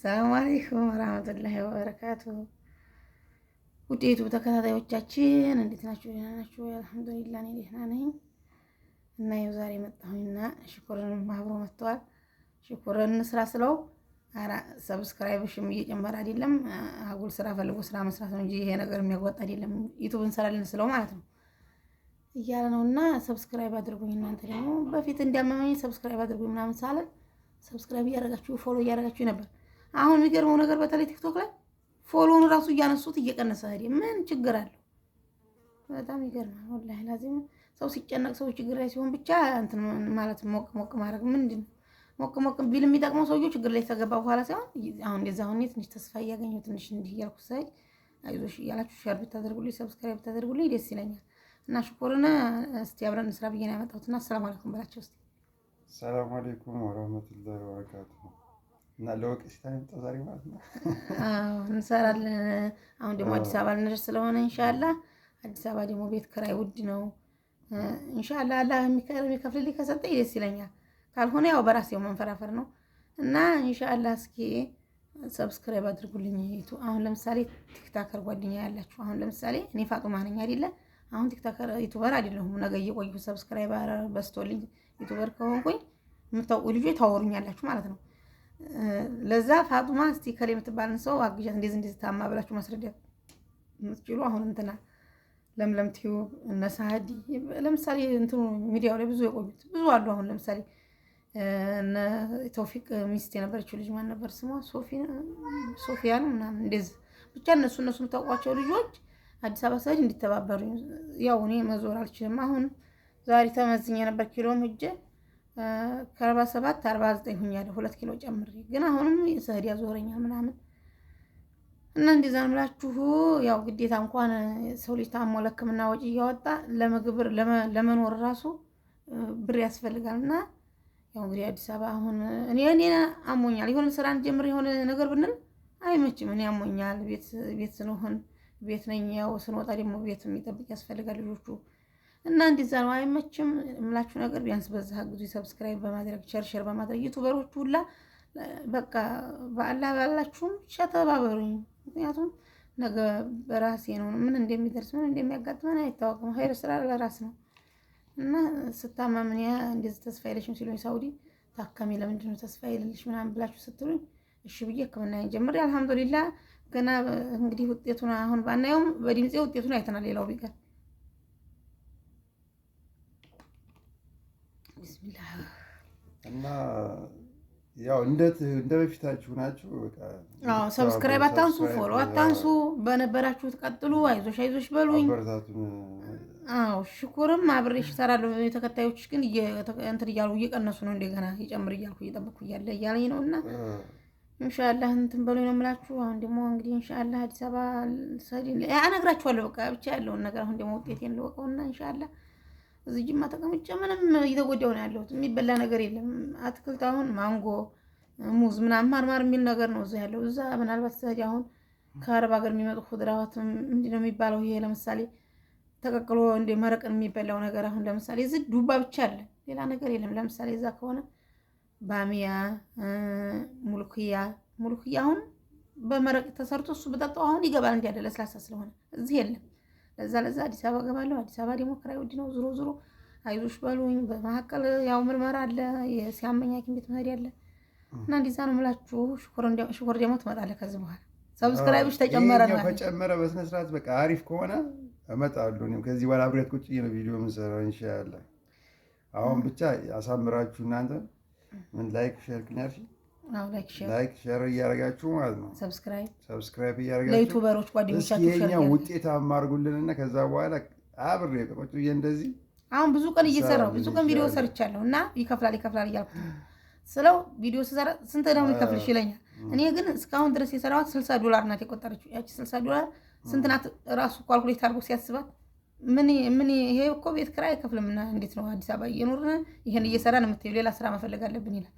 ሰላም አለይኩም ወራህመቱላሂ ወበረካቱ። ውጤቱ ተከታታዮቻችን እንዴት ናችሁ? ደህና ናችሁ? አልሐምዱሊላህ እኔ ደህና ነኝ። እና ይኸው ዛሬ መጣሁኝና ሽኩርን አብሮ መጥተዋል። ሽኩርን ስራ ስለው አራ ሰብስክራይብሽም እየጨመረ አይደለም። አጉል ስራ ፈልጎ ስራ መስራት ነው እንጂ ይሄ ነገር የሚያዋጣ አይደለም። ዩቲዩብ እንሰራለን ስለው ማለት ነው እያለ ነውና ሰብስክራይብ አድርጉኝ። እናንተ ደግሞ በፊት እንዲያመመኝ ሰብስክራይብ አድርጉኝ ምናምን ሳለን ሰብስክራይብ እያደረጋችሁ ፎሎ እያደረጋችሁ ነበር አሁን የሚገርመው ነገር በተለይ ቲክቶክ ላይ ፎሎውን ራሱ እያነሱት እየቀነሰ ሄደ። ምን ችግር አለው? በጣም ይገርማል። ወላሂ ላዚም ሰው ሲጨነቅ ሰው ችግር ላይ ሲሆን ብቻ እንትን ማለት ሞቅ ሞቅ ማድረግ ምንድን ነው? ሞቅ ሞቅ ቢል የሚጠቅመው ሰውዬው ችግር ላይ ተገባ በኋላ ሳይሆን አሁን እንደዛ ሁኔ ትንሽ ተስፋ እያገኘሁ ትንሽ እንዲህ እያልኩ ሳይ አይዞሽ እያላችሁ ሼር ብታደርጉልኝ ሰብስክራይብ ብታደርጉልኝ ደስ ይለኛል። እና ሽኮርነ እስቲ አብረን ስራ ብዬን ያመጣሁትና አሰላሙ አለይኩም በላቸው። እስቲ ሰላም አለይኩም ወረህመቱላሂ ወበረካቱሁ እና ለወቀስታ የመጣው ዛሬ ማለት ነው። እንሰራለን። አሁን ደግሞ አዲስ አበባ ልንደርስ ስለሆነ እንሻላ አዲስ አበባ ደግሞ ቤት ክራይ ውድ ነው። አላ አላህ የሚከፍልልኝ ከሰጠኝ ደስ ይለኛል፣ ካልሆነ ያው በራሴው መንፈራፈር ነው። እና እንሻላ እስኪ ሰብስክራይብ አድርጉልኝ። ይቱ አሁን ለምሳሌ ቲክታከር ጓደኛ ያላችሁ አሁን ለምሳሌ እኔ ፋጡማ ነኝ አይደለ? አሁን ቲክታከር ዩቱበር አይደለሁም። ነገ እየቆየሁ ሰብስክራይብ በስቶልኝ ዩቱበር ከሆንኩኝ የምታውቁ ልጆች ታወሩኛላችሁ ማለት ነው። ለዛ ፋጡማ እስቲ ከሌ የምትባልን ሰው አግዣት እንደዚህ እንደዚህ ታማ ብላችሁ ማስረዳት ምትችሉ አሁን እንትና ለምለም ቲዩ እነ ለምሳሌ እንትኑ ሚዲያው ላይ ብዙ የቆዩት ብዙ አሉ። አሁን ለምሳሌ እነ ተውፊቅ ሚስት የነበረችው ልጅ ማን ነበር ስሟ? ሶፊያ ነው ምናምን እንደዚህ ብቻ እነሱ እነሱ የምታውቋቸው ልጆች አዲስ አበባ ሰዎች እንዲተባበሩ ያው እኔ መዞር አልችልም። አሁን ዛሬ ተመዝኝ የነበር ኪሎም ሂጄ ከአርባ ሰባት አርባ ዘጠኝ ሁኛለሁ ሁለት ኪሎ ጨምሬ፣ ግን አሁንም ስህድ ያዞረኛል ምናምን እና እንደዛ ምላችሁ ያው ግዴታ እንኳን ሰው ልጅ ታሞ ለሕክምና ወጪ እያወጣ ለምግብ ለመኖር ራሱ ብር ያስፈልጋል። እና ያው እንግዲህ አዲስ አበባ አሁን እኔ እኔ አሞኛል የሆነ ስራ እንጀምር የሆነ ነገር ብንል አይመችም። እኔ አሞኛል ቤት ቤት ስንሆን ቤት ነኝ። ያው ስንወጣ ደግሞ ቤት የሚጠብቅ ያስፈልጋል ልጆቹ እና እንዲዛ ነው አይመችም የምላችሁ ነገር። ቢያንስ በዛ ጊዜ ሰብስክራይብ በማድረግ ሸርሸር በማድረግ ዩቱበሮች ሁላ በቃ በአላ ባላችሁም ብቻ ተባበሩኝ። ምክንያቱም ነገ በራሴ ነው ምን እንደሚደርስ ምን እንደሚያጋጥመን አይታወቅም። ሀይር ስራ ለራስ ነው እና ስታማምን ያ እንደዚህ ተስፋ የለሽም ሲሉኝ ሳውዲ ታካሚ ለምንድን ነው ተስፋ የሌለሽ ምናምን ብላችሁ ስትሉኝ እሺ ብዬ ሕክምና ጀምሬ አልሐምዱሊላ ገና እንግዲህ ውጤቱን አሁን ባናየውም በድምፄ ውጤቱን አይተናል። ሌላው ቢቀር እና ያው እንደ በፊታችሁ ናችሁ። ሰብስክራይብ አታንሱ፣ ፎሎ አታንሱ። በነበራችሁ ቀጥሉ። አይዞሽ አይዞሽ በሉኝ። ሽኩርም አብሬሽ እሰራለሁ። ተከታዮች ግን እንትን እያሉ እየቀነሱ ነው። እንደገና ይጨምር እያልኩ እየጠበኩ እያለ እያለኝ ነው እና ኢንሻላህ እንትን በሉኝ ነው የምላችሁ። አሁን ደግሞ እንግዲህ ኢንሻላህ አዲስ አበባ ሰዲ አነግራችኋለሁ። በቃ ብቻ ያለውን ነገር አሁን ደግሞ ውጤት የለወቀውና ኢንሻላህ እዚህ ጅማ ተቀምጬ ምንም እየተጎዳሁ ነው ያለሁት። የሚበላ ነገር የለም። አትክልት አሁን ማንጎ፣ ሙዝ ምናምን ማርማር የሚል ነገር ነው እዚህ ያለው። እዛ ምናልባት ሰጅ አሁን ከአረብ ሀገር የሚመጡ ኹድራዋት ምንድን ነው የሚባለው? ይሄ ለምሳሌ ተቀቅሎ እንደ መረቅን የሚበላው ነገር አሁን ለምሳሌ እዚህ ዱባ ብቻ አለ፣ ሌላ ነገር የለም። ለምሳሌ እዛ ከሆነ ባሚያ፣ ሙልክያ ሙልክያ አሁን በመረቅ ተሰርቶ እሱ በጠጣው አሁን ይገባል እንዲያለ ለስላሳ ስለሆነ እዚህ የለም። ለዛ ለዛ አዲስ አበባ ገባለሁ። አዲስ አበባ ደግሞ ክራይ ውድ ነው። ዞሮ ዞሮ አይዞሽ በሉኝ። በመካከል ያው ምርመራ አለ፣ ሲያመኝ ሐኪም ቤት መሄድ አለ እና እንዲዛ ነው የምላችሁ። ሽኮር ደግሞ ትመጣለህ ከዚህ በኋላ ሰብስክራይብሽ ተጨመረ ነው ተጨመረ። በስነ ስርዓት በቃ አሪፍ ከሆነ እመጣለሁ። እኔም ከዚህ በኋላ አብሬት ቁጭ ነው ቪዲዮ የምሰራው ኢንሻአላህ። አሁን ብቻ አሳምራችሁ እናንተ ምን ላይክ ሼር ላይክ ሸር እያደረጋችሁ ማለት ነው። ሰብስክራይብ እያደረጋችሁ ለዩቱበሮች ጓደኞቻችሁ ሸር እያደረጋችሁ ውጤታማ ከዛ በኋላ አብሬ ቁጭ ብዬ እንደዚህ አሁን ብዙ ቀን እየሰራሁ ብዙ ቀን ቪዲዮ ሰርቻለሁ እና ይከፍላል ይከፍላል እያልኩ ስለው ቪዲዮ ስሰራ ስንት ደግሞ ይከፍልሽ ይለኛል። እኔ ግን እስካሁን ድረስ የሰራኋት ስልሳ ዶላር ናት የቆጠረችው። ያቺ ስልሳ ዶላር ስንት ናት ራሱ ኳልኩሌት አድርጎ ሲያስባት ምን ምን ይሄ እኮ ቤት አይከፍልም አይከፍልምና እንዴት ነው አዲስ አበባ እየኖርን ይሄን እየሰራን የምትሄዱ ሌላ ስራ መፈለግ አለብን ይላል።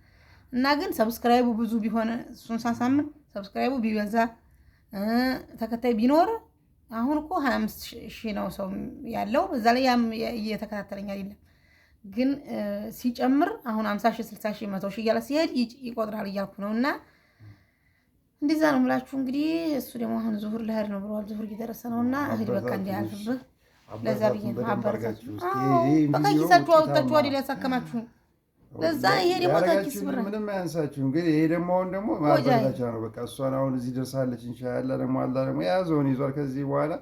እና ግን ሰብስክራይቡ ብዙ ቢሆን እሱን ሳሳምን ሰብስክራይቡ ቢበዛ ተከታይ ቢኖር አሁን እኮ ሀያ አምስት ሺህ ነው ሰው ያለው እዛ ላይ ያም እየተከታተለኝ አይደለም ግን ሲጨምር አሁን ሀምሳ ሺህ ስልሳ ሺህ መቶ ሺህ እያለ ሲሄድ ይቆጥራል እያልኩ ነው እና እንደዛ ነው ምላችሁ። እንግዲህ እሱ ደግሞ አሁን ዙሁር ለህር ነው ብለዋል ዙሁር እየደረሰ ነው እና እህድ በቃ እንዲያልፍብህ ለዛ ብዬ ነው አበረታችሁ በቃ ይሳችሁ አውጥታችሁ ወደ ሊያሳከማችሁኝ በዛ ይሄ ደግሞ ታኪስ ብር ምንም አያንሳችሁም። እንግዲህ ይሄ ደግሞ አሁን ደግሞ ማበረታቻ ነው። በቃ እሷን አሁን እዚህ ደርሳለች። እንሻላ ደግሞ አላ ደግሞ የያዘውን ይዟል። ከዚህ በኋላ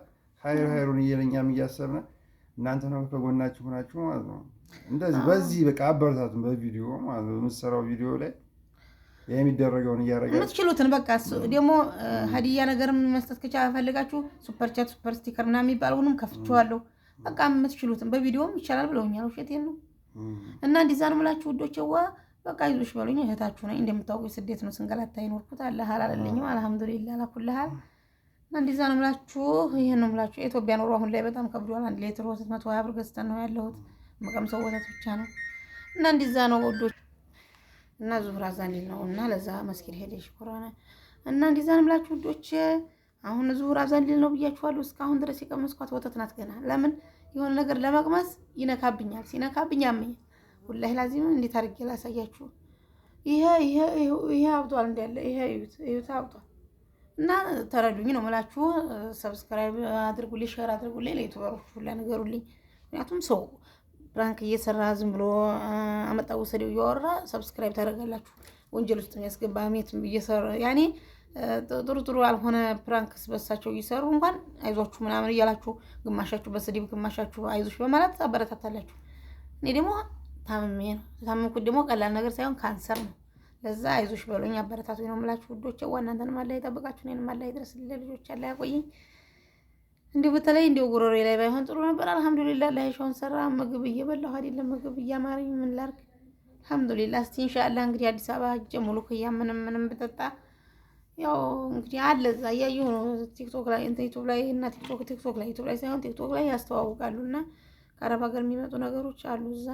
ሀይር ሀይሩን እየለኛም እያሰብነ እናንተ ነው ከጎናችሁ ሆናችሁ ማለት ነው። እንደዚህ በዚህ በቃ አበረታቱን በቪዲዮ ማለት ነው። የምትሰራው ቪዲዮ ላይ የሚደረገውን እያደረገ የምትችሉትን በቃ ደግሞ ሀዲያ ነገርም መስጠት ከቻ ፈልጋችሁ ሱፐር ቻት ሱፐር ስቲከር ምናምን የሚባል ሁሉም በቃ የምትችሉትን በቪዲዮም ይቻላል ብለውኛል። ውሸቴን ነው እና እንዲዛ ነው የምላችሁ ውዶች። በቃ ይዞሽ በሉኝ፣ እህታችሁ ነኝ። እንደምታውቁ ስደት ነው ስንገላታ ይኖርኩት አለ አላለኝም። አልሐምዱሊላ አላኩልሃል እና እንደዛ ነው የምላችሁ። ይህን ነው የምላችሁ። የኢትዮጵያ ኑሮ አሁን ላይ በጣም ከብዷል። አንድ ሌትር ወተት መቶ ሀያ ብር ገዝተን ነው ያለሁት። መቀምሰው ወተት ብቻ ነው እና እንዲዛ ነው ውዶች። እና ዙህራ ዛኔል ነው እና ለዛ መስጊድ ሄደሽ ሽኩራነ እና እንዲዛ ነው የምላችሁ ውዶች። አሁን ዙሁር አዛን ሊል ነው ብያችኋለሁ። እስካሁን ድረስ የቀመስኳት ወተት ናት። ገና ለምን የሆነ ነገር ለመቅመስ ይነካብኛል። ሲነካብኝ ያመኛል። ወላሂ ላዚም እንዴት አድርጌ ላሳያችሁ። ይሄ ይሄ አብጧል እንዳለ ይሄ እዩት፣ እዩት አብጧል እና ተረዱኝ ነው የምላችሁ። ሰብስክራይብ አድርጉልኝ፣ ሼር አድርጉልኝ፣ ለዩቲዩበሮች ሁላ ነገሩልኝ። ምክንያቱም ሰው ፕራንክ እየሰራ ዝም ብሎ አመጣ ወሰደው እያወራ ሰብስክራይብ ታደርጋላችሁ። ወንጀል ውስጥ የሚያስገባ ሜት እየሰራ ያኔ ጥሩ ጥሩ ያልሆነ ፕራንክስ በሳቸው እየሰሩ እንኳን አይዟችሁ ምናምን እያላችሁ ግማሻችሁ በስድብ ግማሻችሁ አይዞች በማለት አበረታታላችሁ። እኔ ደግሞ ታምሜ ነው ታመምኩት ደግሞ ቀላል ነገር ሳይሆን ካንሰር ነው። ለዛ አይዞች በሉኝ አበረታቱ ነው የምላችሁ ውዶች። ዋናንተን ማላ ይጠብቃችሁ፣ እኔን ማላ ይድረስ። ለልጆች ያለ ያቆየኝ። እንዲሁ በተለይ እንዲሁ ጉሮሬ ላይ ባይሆን ጥሩ ነበር። አልሐምዱሊላ ላይሻውን ሰራ። ምግብ እየበላሁ አይደለም ምግብ እያማረኝ ምን ላርግ። አልሐምዱሊላ እስቲ እንሻላ እንግዲህ አዲስ አበባ ጀሙሉ ክያ ምንም ምንም ብጠጣ ያው እንግዲህ አለ እዛ እያየሁ ነው። ቲክቶክ ላይ እንትን ዩቱብ ላይ እና ቲክቶክ ቲክቶክ ላይ ዩቱብ ላይ ሳይሆን ቲክቶክ ላይ ያስተዋውቃሉ እና ከአረብ ሀገር የሚመጡ ነገሮች አሉ እዛ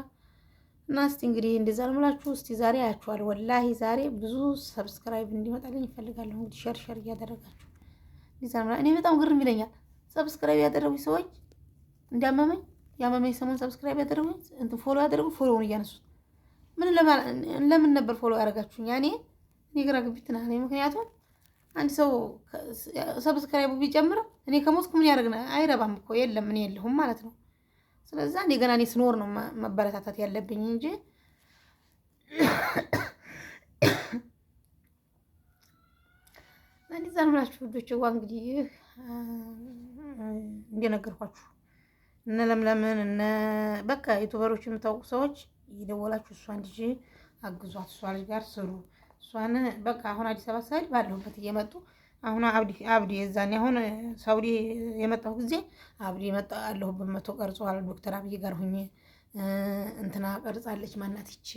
እና እስቲ እንግዲህ እንደዛ ልምላችሁ እስቲ ዛሬ አያችኋል። ወላሂ ዛሬ ብዙ ሰብስክራይብ እንዲመጣልኝ ይፈልጋለሁ። እንግዲህ ሸር ሸር እያደረጋችሁ እንደዛ ልምላ። እኔ በጣም ግርም ይለኛል ሰብስክራይብ ያደረጉኝ ሰዎች እንዲያመመኝ ያመመኝ ሰሞን ሰብስክራይብ ያደረጉኝ እንትን ፎሎ ያደረጉ ፎሎውን እያነሱት ምን ለምን ነበር ፎሎ ያደረጋችሁኝ? ያኔ እኔ ግራ ግብት ናኔ ምክንያቱም አንድ ሰው ሰብስክራይቡ ቢጨምርም እኔ ከሞትኩ ምን ያደርግ አይረባም እኮ የለም፣ እኔ የለሁም ማለት ነው። ስለዛ እንደ ገና እኔ ስኖር ነው መበረታታት ያለብኝ እንጂ እንዲዛ ነው የምላችሁ ልጆች። ዋ እንግዲህ እንደነገርኳችሁ እነ ለምለምን እነ በቃ ዩቱበሮች የምታውቁ ሰዎች የደወላችሁ እሷ ልጅ አግዟት፣ እሷ ልጅ ጋር ስሩ። እሷን በቃ አሁን አዲስ አበባ ሳይድ ባለሁበት እየመጡ አሁን አብዲ አብዲ የዛኔ አሁን ሳውዲ የመጣሁ ጊዜ አብዲ መጣ አለሁበት መቶ ቀርጿል። ዶክተር አብይ ጋር ሁኜ እንትና ቀርጻለች ማናት ማናትች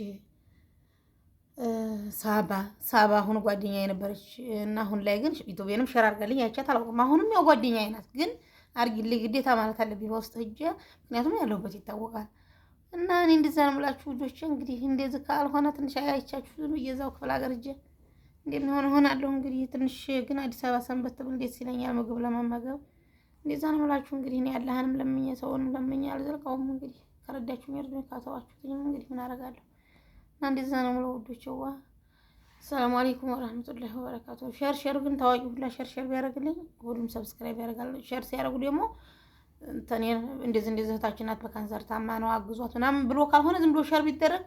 ሳባ ሳባ አሁን ጓደኛ የነበረች እና አሁን ላይ ግን ኢትዮጵያንም ሸር አድርጋልኝ አይቻት አላውቅም። አሁንም ያው ጓደኛ አይናት ግን አርጊልኝ ግዴታ ማለት አለብኝ በውስጥ ሂጅ፣ ምክንያቱም ያለሁበት ይታወቃል። እና እኔ እንደዛ ነው የምላችሁ ልጆች። እንግዲህ እንደዚህ ካልሆነ ትንሽ አያይቻችሁ ዝም እየዛው ክፍለ ሀገር እጄ እንደሚሆን እሆናለሁ። እንግዲህ ትንሽ ግን አዲስ አበባ ሰንበት ብል እንዴት ሲለኛል ምግብ ለመመገብ እንደዛ ነው የምላችሁ። እንግዲህ እኔ ያለህንም ለምኜ ሰውንም ለምኜ አልዘልቀውም። እንግዲህ ከረዳችሁ ሚርዱኝ ካተዋችሁትኝም እንግዲህ ምን አደርጋለሁ። እና እንደዛ ነው የምለው ዋ ሰላም አለይኩም ወራህመቱላሂ ወበረካቱ። ሸር ሸር ግን ታዋቂ ሁላ ሸር ሸር ቢያደርግልኝ ሁሉም ሰብስክራይብ ያደርጋል። ሸር ሲያደርጉ ደግሞ እንተኔን እንደዚህ እንደዚህ እህታችን ናት በካንሰር ታማ ነው አግዟት ምናምን ብሎ ካልሆነ ዝም ብሎ ሸር ቢደረግ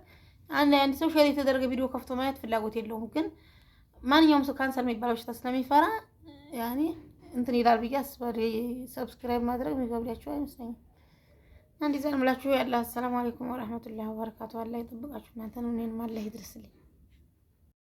አንድ አንድ ሰው ሸር የተደረገ ቪዲዮ ከፍቶ ማየት ፍላጎት የለውም። ግን ማንኛውም ሰው ካንሰር የሚባለው በሽታ ስለሚፈራ ያኔ እንትን ይላል ብዬ አስበር ሰብስክራይብ ማድረግ የሚገብዳቸው አይመስለኝም። አንድ ዛን ምላችሁ ያለ አሰላሙ አለይኩም ወረህመቱላሂ ወበረካቱ። አላህ ይጠብቃችሁ እናንተን እኔንም አላህ ይድረስልኝ።